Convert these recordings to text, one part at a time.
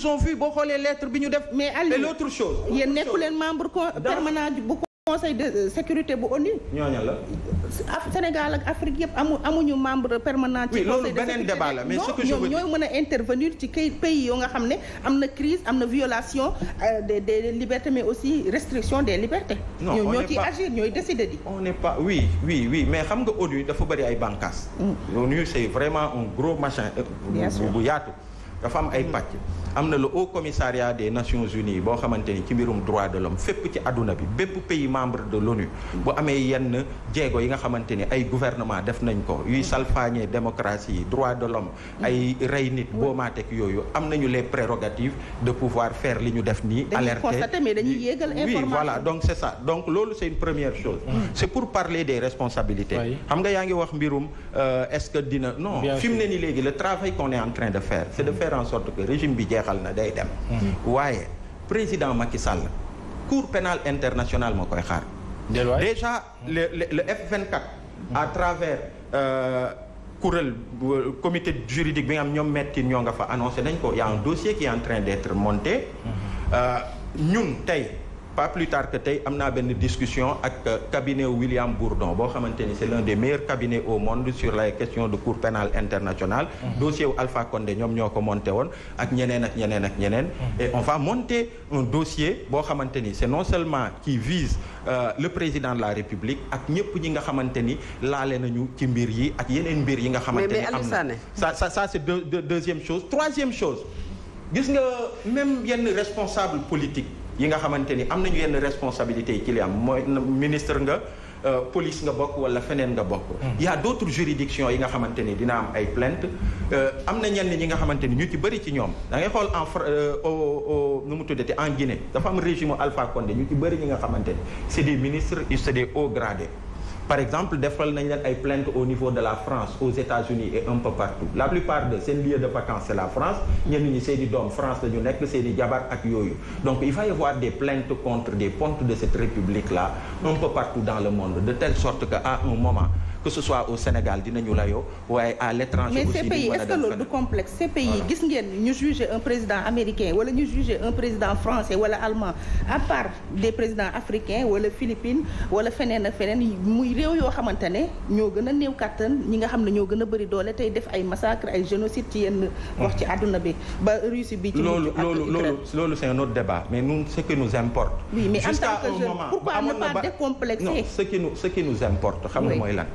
ils ont vu boo xoolee lettre bi ñu def. mais Aliou et l'autre chose. yéen leen membre permanent bu conseil de sécurité bu ONU. ñooñu la. Sénégal ak Afrique yëpp amu amuñu membre de sécurité oui loolu beneen débat la mais ce que je ñooy mën a intervenir ci kay pays yoo nga xam ne am na crise am na violation euh, des des libertés mais aussi restriction des libertés. non on ñoo ciy agir ñooy décider di. on n'est pas oui oui oui mais xam nga ONU dafa bëri ay bànqaas. Mm. ONU c'est vraiment un gros machin. Euh, bu yaatu. dafa am ay pàcc am na lu haut commissariat des nations unies boo xamante ni ci mbirum droit de l'homme fépp ci àdduna bi bépp pays membre de l'ONU bu amee yenn jéego yi nga xamante ni ay gouvernement def nañ ko yuy salfaañee démocratie droit de l'homme ay rey nit boomaatek yooyu am nañu les prérogatives de pouvoir faire li ñu def nii alerter oui voilà donc c'est ça donc loolu c'est une première chose mm. c'est pour parler des responsabilités xam nga yaa ngi wax mbirum euh, est-ce que dina non fi mu ne ni léegi le travail qu'on est de faire faire en sorte que régime bi jeexal na day dem. Hmm. waaye président Macky Sall cour pénale internationale moo koy xaar. déjà hmm. le le le F24. à hmm. travers euh, kuréel comité juridique bi nga xam ñoom metti ñoo nga fa annoncé nañ ko y dossier qui est en train d'être monté. Euh, ñun tey. pas plus tard que tey am naa benn discussion ak euh, cabinet William Bourdon boo xamante ni c'est l'un des meilleurs cabinets au monde sur les questions de cour pénale internationale mm-hmm. dossier wu Alpha Condé ñoom ñoo ko monté woon ak ñeneen ak ñeneen ak ñeneen mm-hmm. et on va monter un dossier boo xamante ni c'est non seulement qui vise euh, le président de la République ak ñëpp ñi nga xamante ni laale nañu ci mbir yi ak yeneen mbir yi nga xamante ni am na ça ça ça c'est deuxième chose troisième gis nga même yenn responsable politique yi nga xamante ni am nañu yenn responsabilité yi ci li am mooy ministre nga euh, police nga bokk wala feneen nga bokk. Hmm. yaa a d'autres juridictions yi nga xamante ni dina am ay plainte euh, am na ñenn ñi nga xamante ni ñu ci bëri ci ñoom da ngay xool en Fra euh, au nu mu tuddati en Guinée dafa am régime Alpha Condé ñu ci bëri ñi nga xamante ni c'est des ministres et c'est des hauts par exemple defal nañ leen ay plaintes au niveau de la France aux États-Unis et un peu partout la plupart de seen lieu de vacances c'est la France ñenn ñi seeni doom France la ñu nekk seeni jabar ak yooyu donc il va y avoir des plaintes contre des pontes de cette république là un peu partout dans le monde de telle sorte que un moment que ce soit au Sénégal dinañu layoo waaye à l'étranger aussi mais pays est-ce que loolu du complexe ces pays gis ngeen ñu juger un président américain wala ñu juger un président français wala allemand à part des présidents africains wala philippines wala feneen ak feneen muy réew yoo xamante ne ñoo gën a néew kàttan ñi nga xam ne ñoo gën a bëri doole tey def ay massacre ay génocide ci yenn wax ci àdduna bi ba Russie bi ci loolu loolu loolu c'est un débat mais nous ce qui nous importe oui mais en tant que xam nga mooy lan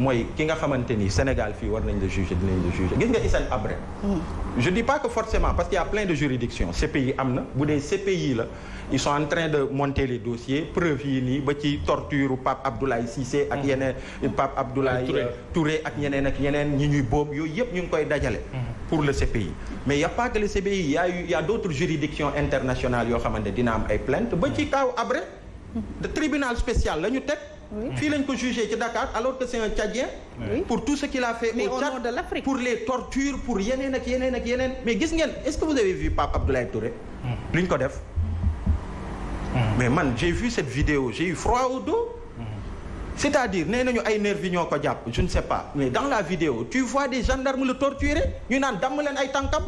mooy ki nga xamante ni Sénégal fii war nañ la juger dinañ la juger gis nga Hissène Habré hmm. je dis pas que forcément parce qu'il y a plein de juridictions CPI am na bu dee CPI la ils sont en train de monter les dossiers preuve nii ba ci torture Pape Abdoulaye Cissé ak hmm. yeneen Pape Abdoulaye Touré euh, ak ñeneen ak yeneen ñi ñuy boobu yooyu yëpp ñu ngi koy dajale hmm. pour le CPI mais y a pas que le CPI y a y a d'autres juridictions internationales yoo xamante dina la ñu fii lañ ko jugé ci Dakar alors que c'est un pour tout ce qu'il a fait au Tchad de l'Afrique pour les tortures pour yeneen ak yeneen mais gis ngeen est-ce que vous avez vu Pape Abdoulaye Touré hmm. li ñu ko def hmm. mais man j'ai vu cette vidéo j'ai eu froid au dos hmm. c'est-à-dire nee nañu ay nervi ñoo ko jàpp je ne sais pas mais dans la vidéo tu vois des gendarmes le torturer ñu naan damm leen ay tànkam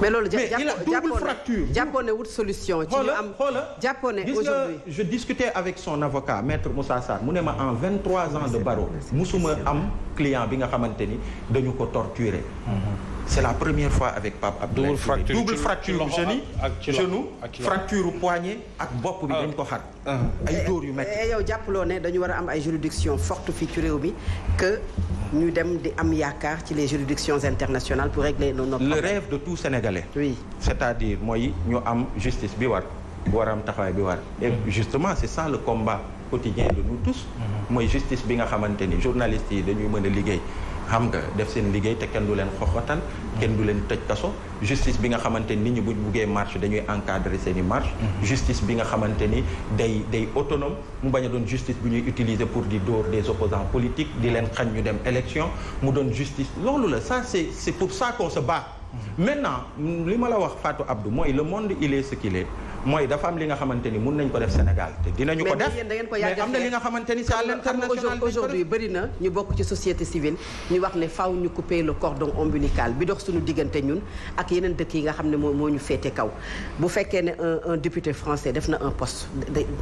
mais loolu il a double fracture jàppoon ne solution. ci ñu am jàppoon ne aujourd'hui je discutais avec son avocat maître Moussa Sarr mu ne ma en 23 ans de barreau musuma am client bi nga xamante ni dañu ko torturer mm-hmm. c'est la première fois avec Pape Abdoulaye Touré double fracture bu genou genou fracture poignet ak bopp bi ah. dañ ko xar ah. ay dóor yu metti eh, eh, yow jàppaloo ne dañu war a am ay juridiction forte fii ci réew mi que ñu dem di am yaakaar ci les juridictions internationales pour régler nos problèmes le rêve de tout Sénégalais oui c'est-à-dire mooy ñu am justice bi war bu war a am taxawaay bi war et justement c'est ça le combat quotidien de nous tous mm-hmm. mooy justice bi nga xamante ni journalistes yi dañuy mën a liggéey xam nga def seen liggéey te kenn du leen xoxatal kenn du leen tëj kaso justice bi nga xamante ni nit ñi buñ buggee marché dañuy encadrer seen i marche mm-hmm. justice bi nga xamante ni day day autonome mu bañ a doon justice bu ñuy utiliser pour di dóor des opposants politiques di leen xañ ñu dem élection mu doon justice loolu la ça c'est c'est pour saako qu'on se bat mm-hmm. maintenant li ma la wax Fatou Abdou mooy le monde il est ce mooy dafa am li nga xamante ni mun nañ ko def Sénégal te dinañu ko def mais am na li nga xamante ni c'est à l'international aujourd'hui bëri na ñu bokk ci société civile ñu wax ne faaw ñu couper le cordon ombilical bi dox suñu diggante ñun ak yeneen dëkk yi nga xam ne moo moo ñu féete kaw bu fekkee ne un député français def na un post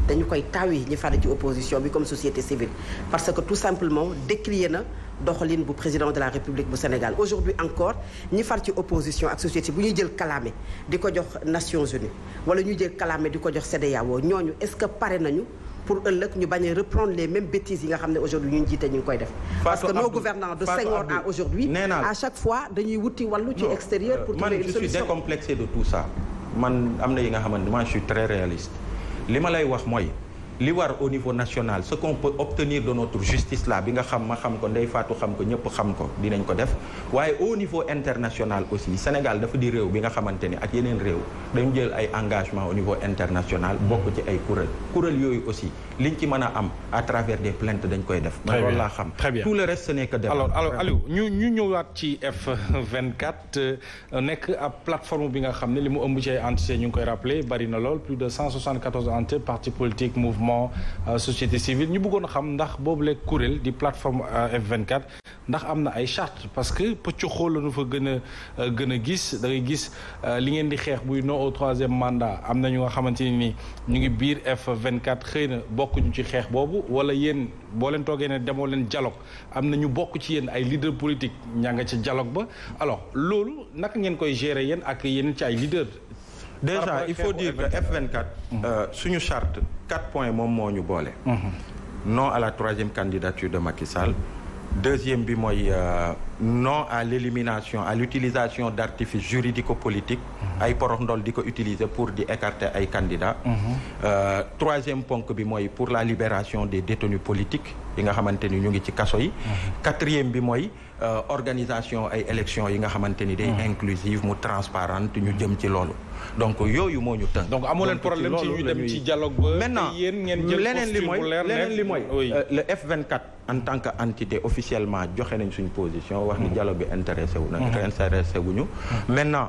dañu koy tawi ñi fare ci opposition bi comme société civile parce que tout simplement décrier na doxalin bu président de la république bu Sénégal aujourd'hui encore ñi far ci opposition ak société bu ñuy jël kalaame di ko jox Nations Unies wala ñuy jël kalaame di ko jox CEDEAO ñooñu est-ce que pare nañu pour ëllëg ñu bañ a reprendre les mêmes bêtises yi nga xam ne aujourd'hui ñu ngi jiite ñu ngi koy def parce que nos gouvernants de Senghor à aujourd'hui à chaque fois dañuy wuti wàllu ci extérieur pour euh, trouver une solution man je suis man am na yi nga xamante man je suis très réaliste li ma lay wax mooy li war au niveau national ce qu'on peut obtenir de notre justice là bi nga xam ma xam ko ndey faatu xam ko ñëpp xam ko dinañ ko def waaye au niveau international aussi Sénégal dafa di réew bi nga xamante ni ak yeneen réew dañu jël ay engagement au niveau international bokk ci ay kuréel kuréel yooyu aussi liñ ci mën a am à des plaintes dañ koy def man loolu laa xam tout le def alors alors Aliou ñu ñu ñëwaat ci f euh, nekk ab plateforme bi nga xam ne li ci ay entités ñu koy de 174 mouvement euh, société civile ñu bëggoon xam ndax boobu boobule kuréel di plateforme euh, F24 ndax am na ay charte parce que pëcc xool la nu fa gën euh, gën a gis da ngay gis li ngeen di xeex buy non au troisième mandat am na ñu nga xamante ne ni ñu ngi biir F24 xëy na bokkuñu ci xeex boobu wala yéen boo leen toogee ne demoo leen dialogue am na ñu bokk ci yéen ay leader politique ñaa nga ca dialogue ba alors loolu naka ngeen koy gere yéen ak yeneen ci ay leader déjà il faut dire que F24. Mhm. Euh, suñu charte quatre points moom moo ñu boole. Mhm. non à la troisième candidature de Macky Sall. deuxième bi mooy euh, non à l'élimination à l'utilisation d'artifices juridico politique mhm. ay porox ndol di ko utiliser pour di écarté ay candidats euh, troisième ponk bi mooy pour la libération des détenus politiques yi nga xamante ni ñu ngi ci kaso yi mhm. quatrième bi mooy euh, organisation ay élections yi nga xamante ni day mhm. inclusive mu transparente ñu jëm ci loolu donc yooyu moo ñu tënk donc amoo leen problème ci ñu dem ci dialogue ba maintenant leneen li mooy leneen li mooy le F24 en tant que entité officiellement joxe nañ suñ position wax ni mhm. dialogue bi intéressé wu na intéressé wu ñu maintenant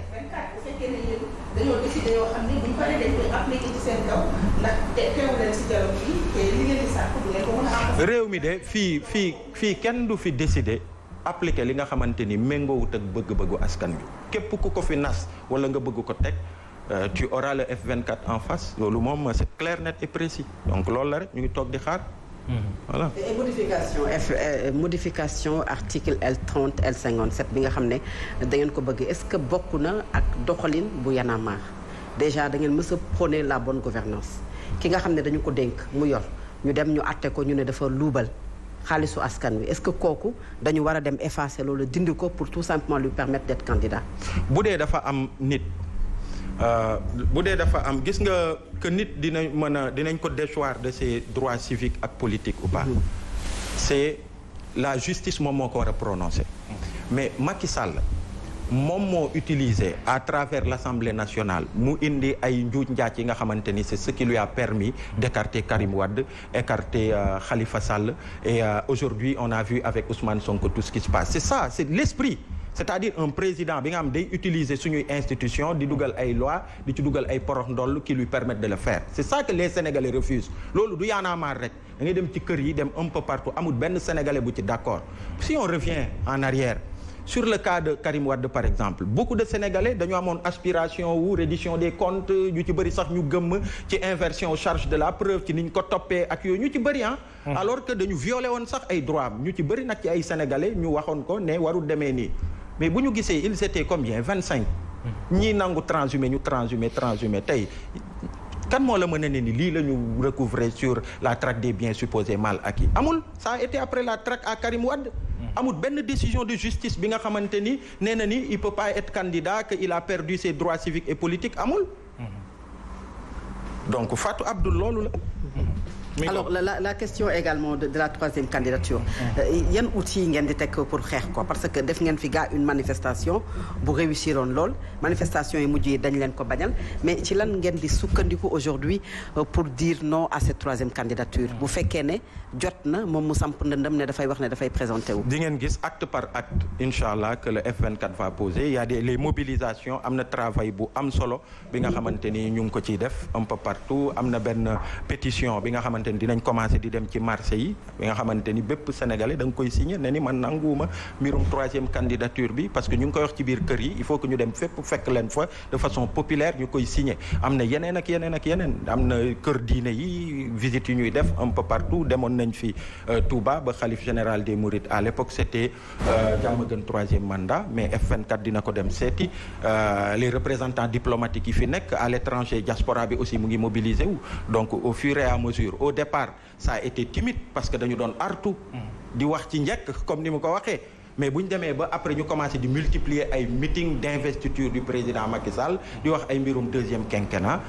réew mi de fii fii fii kenn du fi décidé appliqué li nga xamante ni méngoowut ak bëgg-bëggu askan bi képp ku ko fi nas wala nga bëgg ko teg. Euh, tu auras le F24 en face loolu moom c'est clair net et précis donc loolu la rek ñu ngi toog di xaar Mm-hmm. voilà et modification F euh, modification article L 30 L 57 bi nga xam ne da ngeen ko bëgg est-ce que bokk na ak doxalin bu Y'en a marre déjà da ngeen mës a la bonne gouvernance ki nga xam ne dañu ko dénk mu yor ñu dem ñu àtte ko ñu ne dafa luubal xaalisu askan wi est-ce que kooku dañu war a dem effacer loolu dindi ko pour tout simplement lui permettre d'être candidat bu dee dafa am nit Euh, bu dee dafa am gis nga que nit dinañ mën a dinañ ko déchoir de ses droits civiques ak politiques ou pas mm-hmm. c'est la justice moom moo ko war a prononcé mm-hmm. mais Macky Sall moom moo utilisé à travers l'Assemblée nationale mu indi ay njuuj njaaj yi nga xamante ni c'est ce qui lui a permis d'écarter Karim Wade écarter euh, Khalifa Sall et euh, aujourd'hui on a vu avec Ousmane Sonko tout ce qui se passe c'est ça c'est l'esprit c'est-à-dire un président bi nga xam day utiliser suñuy institution di dugal ay loi di ci dugal ay porox ndoll qui lui permettent de le faire c'est ça que les sénégalais refusent loolu du yaanaamaar rek da ngay dem ci kër yi dem un peu partout amul benn sénégalais bu ci d'accord si on revient en arrière sur le cas de Karim Wade par exemple beaucoup de sénégalais dañoo amoon aspiration wu reddition des comptes ñu ci bëri sax ñu gëmm ci inversion charge de la preuve ci ni ñu ko toppee ak yooyu ñu ci bëri alors dañu violé woon sax ay droits ñu ci bëri nag ci ay sénégalais ñu waxoon ko ne warul demee nii. mais bu ñu gisee ils étaient combien vingt cinq ñii nangu transhumé ñu transhumé transhumé tey kan moo la mën a ne ni lii la ñu recouvrer sur la traque des biens supposés mal acquis amul ça a été après la traque à Karim Wade amul benn décision de justice bi nga xamante ni nee na ni il peut pas être candidat que il a perdu ses droits civiques et politiques amul mm-hmm. donc Fatou Abdoul loolu la mm-hmm. alors la la question également de de la troisième candidature. Euh, yan outils ngeen di teg pour xeex ko parce que def ngeen fi gaa une manifestation bu on lool manifestation yi mujj yi dañ leen ko bañal mais ci lan ngeen di sukkandiku aujourd'hui euh, pour dire non à cette troisième candidature bu fekkee ne jot na moom mu samp ndëndam ne dafay wax ne dafay présenté wu. di ngeen gis acte par acte incha allah que le F24 va poser il y a les mobilisations am na travail bu am solo bi nga xamante ni ñu ngi ko ciy def un peu am na benn pétition bi nga xamante xamante ni dinañ commencé di dem ci marché yi bi nga xamante ni bépp sénégalais da koy signé ne ni man nanguwuma mbirum troisième candidature bi parce que ñu ngi koy wax ci biir kër yi il faut que ñu dem fépp fekk leen fa de façon populaire ñu koy signé am na yeneen ak yeneen ak yeneen am na kër diine yi visite yi ñuy def un peu partout demoon nañ fi euh, Touba ba xalif général de Mourides à l'époque c'était Diamaguène euh, troisième mandat mais F24 dina ko dem seeti euh, les représentants diplomatiques yi fi nekk à l'étranger diaspora bi aussi mu ngi mobiliser au départ ça été timide parce que dañu doon artu di wax ci njëkk comme ni mu ko waxee mais bu ñu demee ba après ñu commencé di multiplier ay meeting d'investiture du président Macky Sall di wax ay mbirum deuxième quinquennat